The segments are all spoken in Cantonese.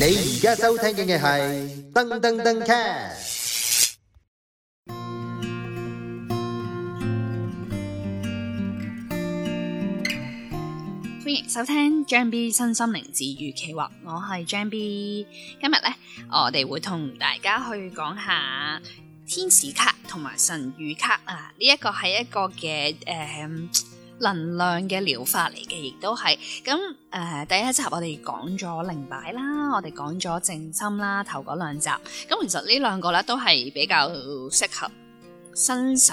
你而家收聽嘅係噔噔噔卡，歡迎收聽張 B 身心靈治愈企劃，我係張 B，今日咧我哋會同大家去講下天使卡同埋神諭卡啊，呢一個係一個嘅誒。呃能量嘅療法嚟嘅，亦都係咁誒。第一集我哋講咗靈擺啦，我哋講咗靜心啦，頭嗰兩集。咁其實呢兩個咧都係比較適合新手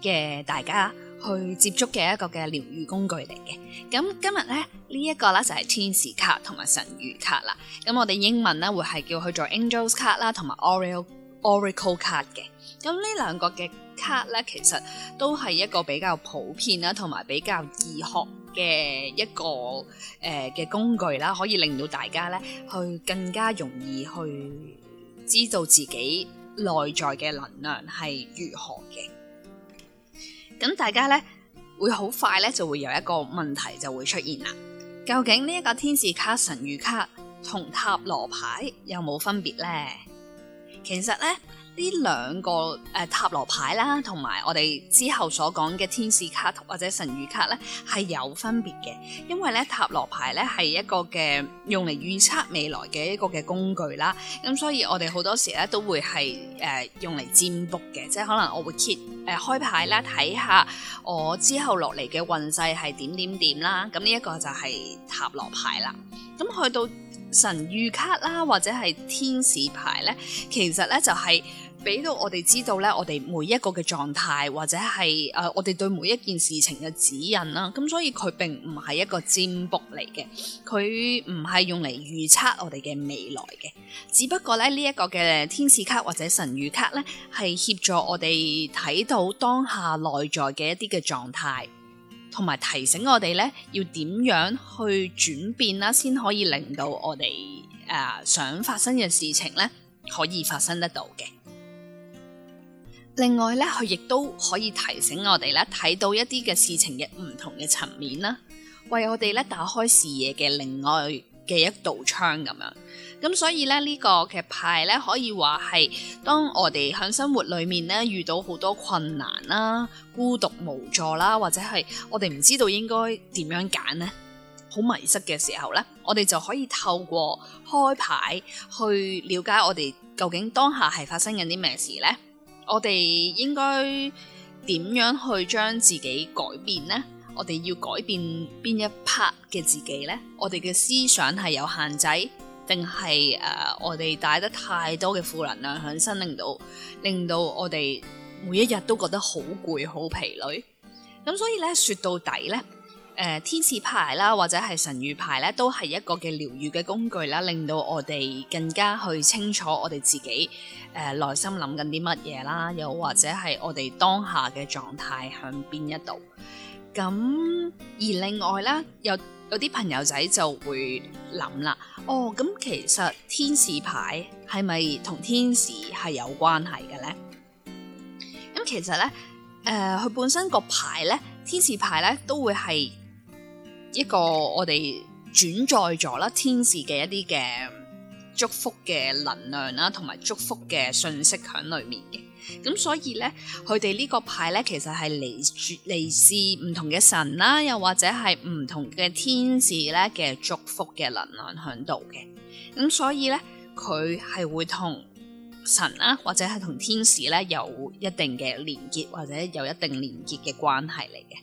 嘅大家去接觸嘅一個嘅療愈工具嚟嘅。咁今日咧呢一、這個咧就係、是、天使卡同埋神諭卡啦。咁我哋英文咧會係叫佢做 Angels 卡啦，同埋 Oracle Oracle 卡嘅。咁呢兩個嘅。卡咧，其實都係一個比較普遍啦，同埋比較易學嘅一個誒嘅、呃、工具啦，可以令到大家咧去更加容易去知道自己內在嘅能量係如何嘅。咁大家咧會好快咧就會有一個問題就會出現啦，究竟呢一個天使卡神諭卡同塔羅牌有冇分別咧？其實咧。呢兩個誒、呃、塔羅牌啦，同埋我哋之後所講嘅天使卡或者神諭卡咧，係有分別嘅。因為咧塔羅牌咧係一個嘅用嚟預測未來嘅一個嘅工具啦。咁所以我哋好多時咧都會係誒、呃、用嚟占卜嘅，即係可能我會揭誒、呃、開牌咧睇下我之後落嚟嘅運勢係點點點啦。咁呢一個就係塔羅牌啦。咁去到神諭卡啦，或者係天使牌咧，其實咧就係、是，俾到我哋知道咧，我哋每一個嘅狀態，或者係誒、呃、我哋對每一件事情嘅指引啦。咁所以佢並唔係一個占卜嚟嘅，佢唔係用嚟預測我哋嘅未來嘅。只不過咧，呢、這、一個嘅天使卡或者神語卡咧，係協助我哋睇到當下內在嘅一啲嘅狀態，同埋提醒我哋咧要點樣去轉變啦，先可以令到我哋誒、呃、想發生嘅事情咧可以發生得到嘅。另外咧，佢亦都可以提醒我哋咧，睇到一啲嘅事情嘅唔同嘅層面啦，為我哋咧打開視野嘅另外嘅一道窗咁樣。咁所以咧，這個、呢個劇牌咧可以話係當我哋響生活裏面咧遇到好多困難啦、孤獨無助啦，或者係我哋唔知道應該點樣揀呢，好迷失嘅時候咧，我哋就可以透過開牌去了解我哋究竟當下係發生緊啲咩事呢？我哋應該點樣去將自己改變呢？我哋要改變邊一 part 嘅自己呢？我哋嘅思想係有限制，定係誒我哋帶得太多嘅負能量喺身，令到令到我哋每一日都覺得好攰好疲累。咁所以咧，說到底呢。誒、呃，天使牌啦，或者係神諭牌咧，都係一個嘅療愈嘅工具啦，令到我哋更加去清楚我哋自己誒、呃，內心諗緊啲乜嘢啦，又或者係我哋當下嘅狀態向邊一度。咁而另外咧，有有啲朋友仔就會諗啦，哦，咁其實天使牌係咪同天使係有關係嘅咧？咁其實咧，誒、呃，佢本身個牌咧，天使牌咧都會係。一個我哋轉載咗啦，天使嘅一啲嘅祝福嘅能量啦，同埋祝福嘅信息響裏面嘅。咁所以咧，佢哋呢個牌咧，其實係嚟自嚟自唔同嘅神啦、啊，又或者係唔同嘅天使咧嘅祝福嘅能量響度嘅。咁所以咧，佢係會同神啦、啊，或者係同天使咧有一定嘅連結，或者有一定連結嘅關係嚟嘅。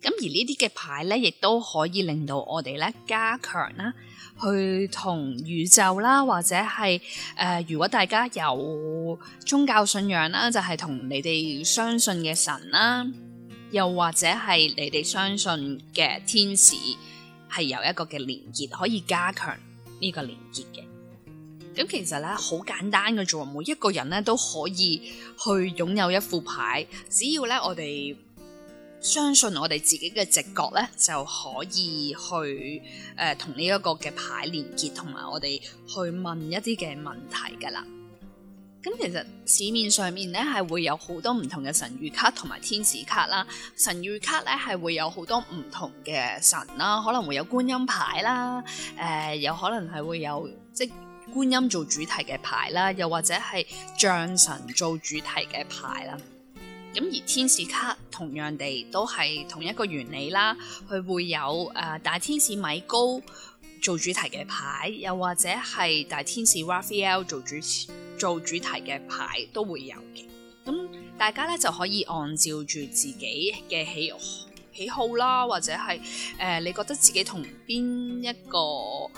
咁而呢啲嘅牌咧，亦都可以令到我哋咧加強啦，去同宇宙啦，或者係誒、呃，如果大家有宗教信仰啦，就係、是、同你哋相信嘅神啦，又或者係你哋相信嘅天使，係有一個嘅連結，可以加強呢個連結嘅。咁其實咧好簡單嘅啫，每一個人咧都可以去擁有一副牌，只要咧我哋。相信我哋自己嘅直覺咧，就可以去誒同呢一個嘅牌連結，同埋我哋去問一啲嘅問題噶啦。咁其實市面上面咧係會有好多唔同嘅神諭卡同埋天使卡啦。神諭卡咧係會有好多唔同嘅神啦，可能會有觀音牌啦，誒、呃、有可能係會有即、就是、觀音做主題嘅牌啦，又或者係象神做主題嘅牌啦。咁而天使卡同樣地都係同一個原理啦，佢會有誒、呃、大天使米高做主題嘅牌，又或者係大天使 Raphael 做主做主題嘅牌都會有嘅。咁大家咧就可以按照住自己嘅喜好喜好啦，或者係誒、呃、你覺得自己同邊一個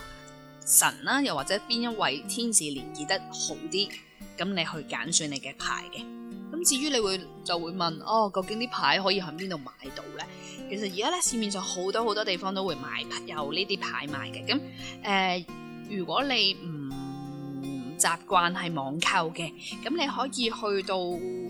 神啦、啊，又或者邊一位天使連結得好啲，咁你去揀選你嘅牌嘅。至於你會就會問哦，究竟啲牌可以喺邊度買到呢？其實而家咧，市面上好多好多地方都會買有呢啲牌賣嘅。咁誒、呃，如果你唔習慣係網購嘅，咁你可以去到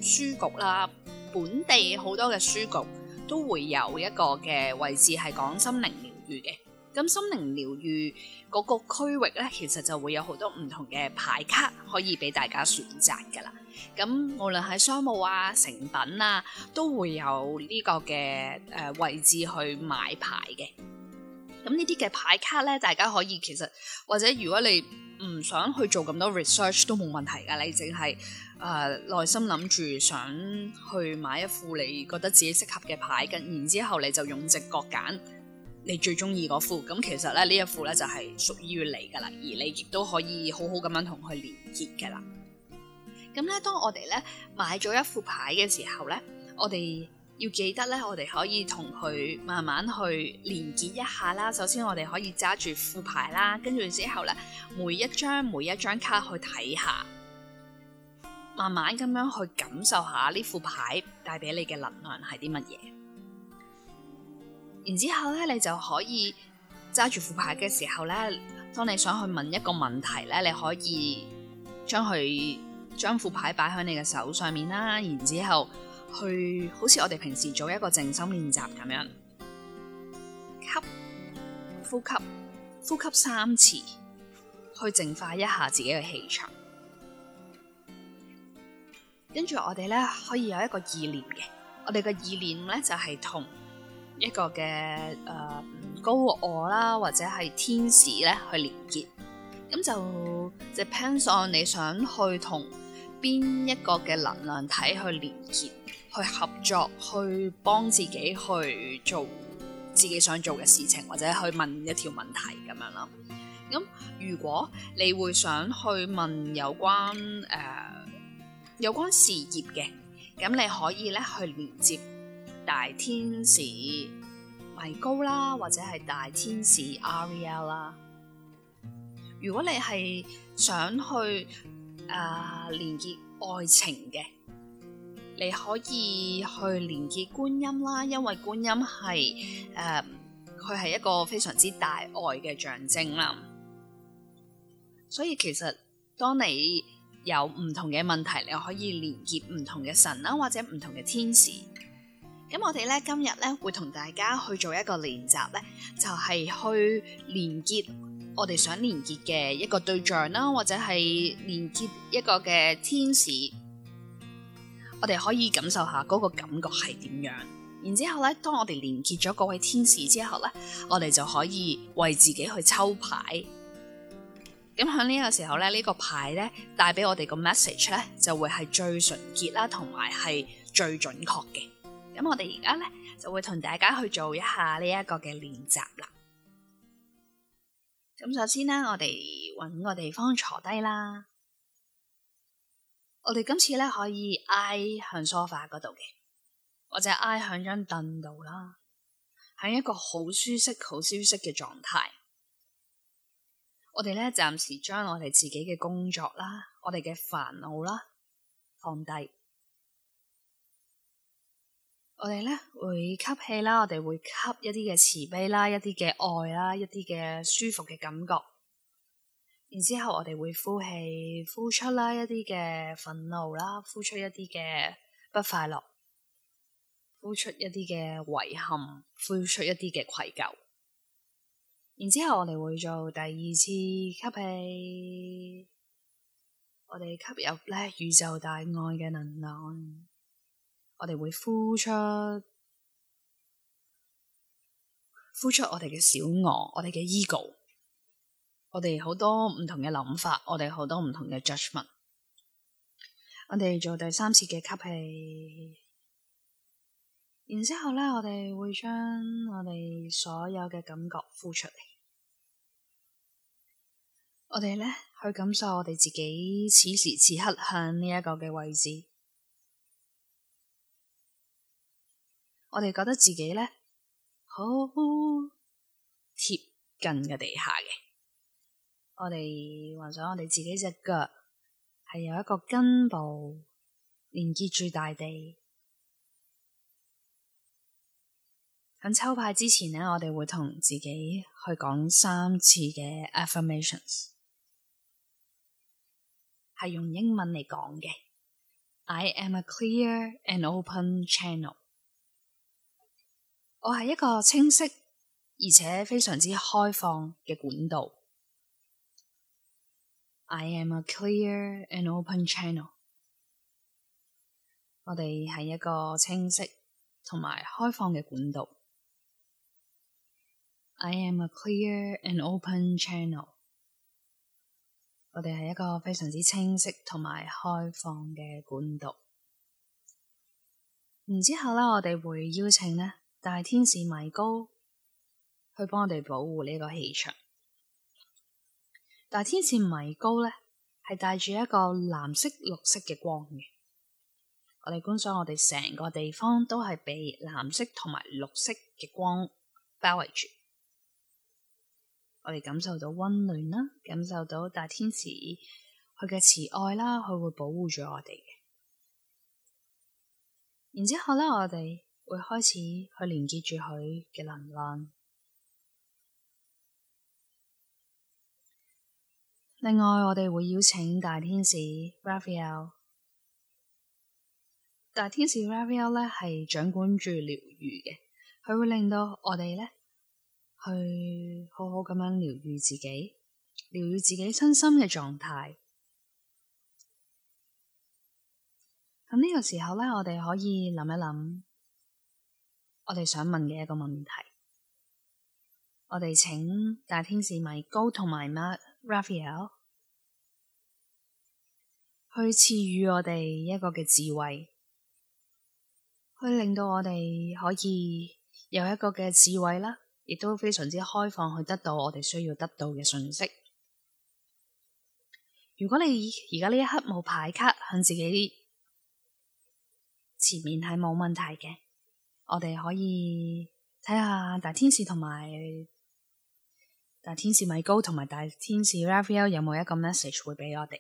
書局啦，本地好多嘅書局都會有一個嘅位置係講心靈療愈嘅。咁，心靈療愈嗰個區域咧，其實就會有好多唔同嘅牌卡可以俾大家選擇噶啦。咁，無論喺商務啊、成品啊，都會有呢個嘅誒、呃、位置去買牌嘅。咁呢啲嘅牌卡咧，大家可以其實或者如果你唔想去做咁多 research 都冇問題噶，你淨係誒內心諗住想去買一副你覺得自己適合嘅牌嘅，然之後你就用直覺揀。你最中意嗰副，咁其實咧呢一副咧就係屬於你噶啦，而你亦都可以好好咁樣同佢連結噶啦。咁咧，當我哋咧買咗一副牌嘅時候咧，我哋要記得咧，我哋可以同佢慢慢去連結一下啦。首先，我哋可以揸住副牌啦，跟住之後咧，每一張每一張卡去睇下，慢慢咁樣去感受下呢副牌帶俾你嘅能量係啲乜嘢。然之後咧，你就可以揸住副牌嘅時候咧，當你想去問一個問題咧，你可以將佢將副牌擺喺你嘅手上面啦。然之後去好似我哋平時做一個靜心練習咁樣，吸，呼吸，呼吸三次，去淨化一下自己嘅氣場。跟住我哋咧可以有一個意念嘅，我哋嘅意念咧就係、是、同。一個嘅誒、呃、高我啦，或者係天使咧去連結，咁就 depends on 你想去同邊一個嘅能量體去連結，去合作，去幫自己去做自己想做嘅事情，或者去問一條問題咁樣啦。咁如果你會想去問有關誒、呃、有關事業嘅，咁你可以咧去連接。大天使米高啦，或者係大天使 Ariel 啦。如果你係想去誒、呃、連結愛情嘅，你可以去連結觀音啦，因為觀音係誒，佢係一個非常之大愛嘅象徵啦。所以其實當你有唔同嘅問題，你可以連結唔同嘅神啦，或者唔同嘅天使。咁我哋咧今日咧會同大家去做一個練習咧，就係、是、去連結我哋想連結嘅一個對象啦，或者係連結一個嘅天使。我哋可以感受下嗰個感覺係點樣。然之後咧，當我哋連結咗嗰位天使之後咧，我哋就可以為自己去抽牌。咁響呢個時候咧，呢、這個牌咧帶俾我哋個 message 咧，就會係最純潔啦，同埋係最準確嘅。咁我哋而家咧就會同大家去做一下呢一個嘅練習啦。咁首先呢，我哋搵個地方坐低啦。我哋今次咧可以挨向梳化嗰度嘅，或者挨向張凳度啦，喺一個好舒適、好舒適嘅狀態。我哋咧暫時將我哋自己嘅工作啦、我哋嘅煩惱啦放低。我哋呢會吸氣啦，我哋會吸一啲嘅慈悲啦，一啲嘅愛啦，一啲嘅舒服嘅感覺。然之後我哋會呼氣，呼出啦一啲嘅憤怒啦，呼出一啲嘅不快樂，呼出一啲嘅遺憾，呼出一啲嘅愧疚。然之後我哋會做第二次吸氣，我哋吸入呢宇宙大愛嘅能量。我哋會呼出，呼出我哋嘅小我，我哋嘅 ego，我哋好多唔同嘅諗法，我哋好多唔同嘅 judgment，我哋做第三次嘅吸氣，然之後咧，我哋會將我哋所有嘅感覺呼出嚟。我哋咧去感受我哋自己此時此刻向呢一個嘅位置。我哋覺得自己咧好貼近嘅地下嘅，我哋幻想我哋自己隻腳係由一個根部連接住大地。喺抽牌之前咧，我哋會同自己去講三次嘅 affirmations，係用英文嚟講嘅。I am a clear and open channel。我係一個清晰而且非常之開放嘅管道。I am a clear and open channel。我哋係一個清晰同埋開放嘅管道。I am a clear and open channel。我哋係一個非常之清晰同埋開放嘅管道。然之後咧，我哋會邀請咧。大天使米高去幫我哋保護呢一個氣場，大天使米高咧，係帶住一個藍色、綠色嘅光嘅。我哋觀賞我哋成個地方都係被藍色同埋綠色嘅光包圍住，我哋感受到溫暖啦，感受到大天使佢嘅慈愛啦，佢會保護住我哋嘅。然之後咧，我哋。會開始去連結住佢嘅能量。另外，我哋會邀請大天使 Raphael，大天使 Raphael 咧係掌管住療愈嘅，佢會令到我哋咧去好好咁樣療愈自己，療愈自己身心嘅狀態。咁呢個時候咧，我哋可以諗一諗。我哋想問嘅一個問題，我哋請大天使米高同埋 m 乜 Raphael 去賜予我哋一個嘅智慧，去令到我哋可以有一個嘅智慧啦，亦都非常之開放去得到我哋需要得到嘅信息。如果你而家呢一刻冇牌卡向自己前面係冇問題嘅。我哋可以睇下大天使同埋大天使米高同埋大天使 Raphael 有冇一個 message 會畀我哋？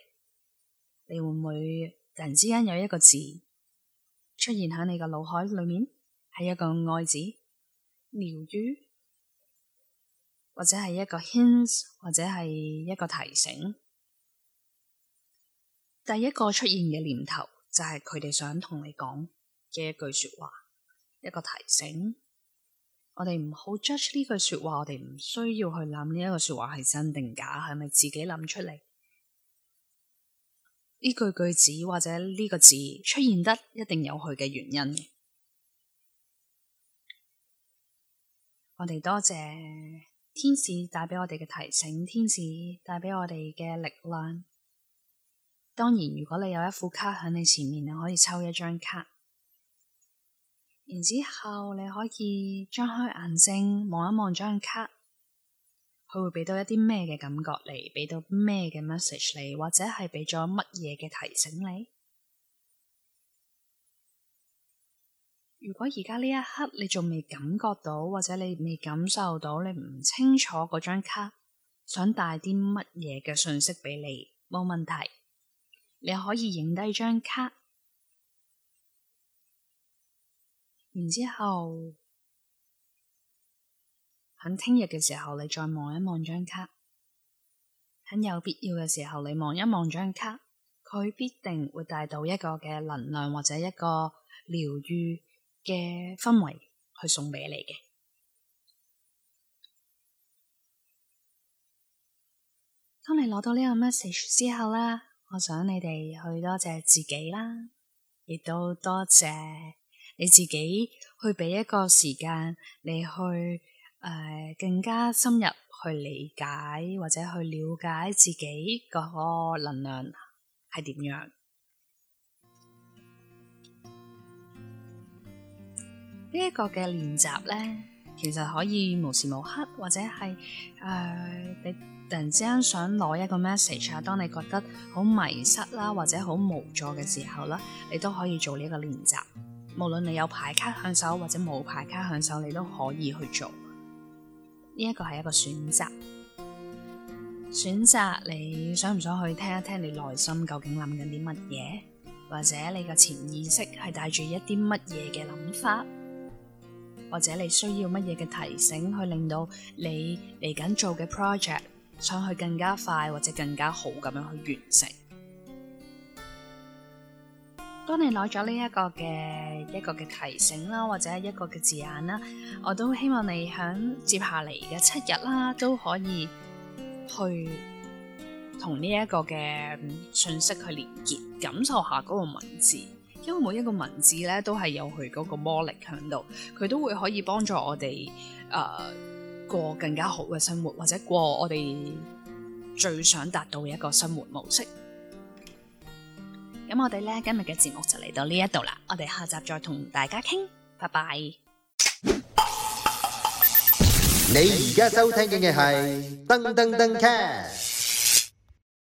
你會唔會突然之間有一個字出現喺你個腦海裏面？係一個愛字、療癒，或者係一個 hints，或者係一個提醒。第一個出現嘅念頭就係佢哋想同你講嘅一句說話。一個提醒，我哋唔好 judge 呢句說話，我哋唔需要去諗呢一個說話係真定假，係咪自己諗出嚟？呢句句子或者呢個字出現得一定有佢嘅原因。 我哋多謝天使帶俾我哋嘅提醒，天使帶俾我哋嘅力量。當然，如果你有一副卡喺你前面，你可以抽一張卡。然之後你可以張開眼睛望一望張卡，佢會畀到一啲咩嘅感覺嚟，畀到咩嘅 message 嚟，或者係畀咗乜嘢嘅提醒你。如果而家呢一刻你仲未感覺到，或者你未感受到，你唔清楚嗰張卡想帶啲乜嘢嘅信息畀你，冇問題，你可以影低張卡。然之後，喺聽日嘅時候，你再望一望張卡，喺有必要嘅時候，你望一望張卡，佢必定會帶到一個嘅能量或者一個療癒嘅氛圍去送俾你嘅。當你攞到呢個 message 之後啦，我想你哋去多謝自己啦，亦都多謝。你自己去俾一個時間，你去誒、呃、更加深入去理解或者去了解自己個能量係點樣。呢一個嘅練習咧，其實可以無時無刻或者係誒、呃、你突然之間想攞一個 message 啊，當你覺得好迷失啦，或者好無助嘅時候啦，你都可以做呢一個練習。無論你有牌卡享受或者冇牌卡享受，你都可以去做。呢一個係一個選擇，選擇你想唔想去聽一聽你內心究竟諗緊啲乜嘢，或者你嘅潛意識係帶住一啲乜嘢嘅諗法，或者你需要乜嘢嘅提醒去令到你嚟緊做嘅 project 想去更加快或者更加好咁樣去完成。當你攞咗呢一個嘅一個嘅提醒啦，或者一個嘅字眼啦，我都希望你響接下嚟嘅七日啦，都可以去同呢一個嘅信息去連結，感受下嗰個文字，因為每一個文字咧都係有佢嗰個魔力喺度，佢都會可以幫助我哋誒、呃、過更加好嘅生活，或者過我哋最想達到嘅一個生活模式。咁我哋咧今日嘅節目就嚟到呢一度啦，我哋下集再同大家傾，拜拜。你而家收聽嘅係噔噔噔 cash。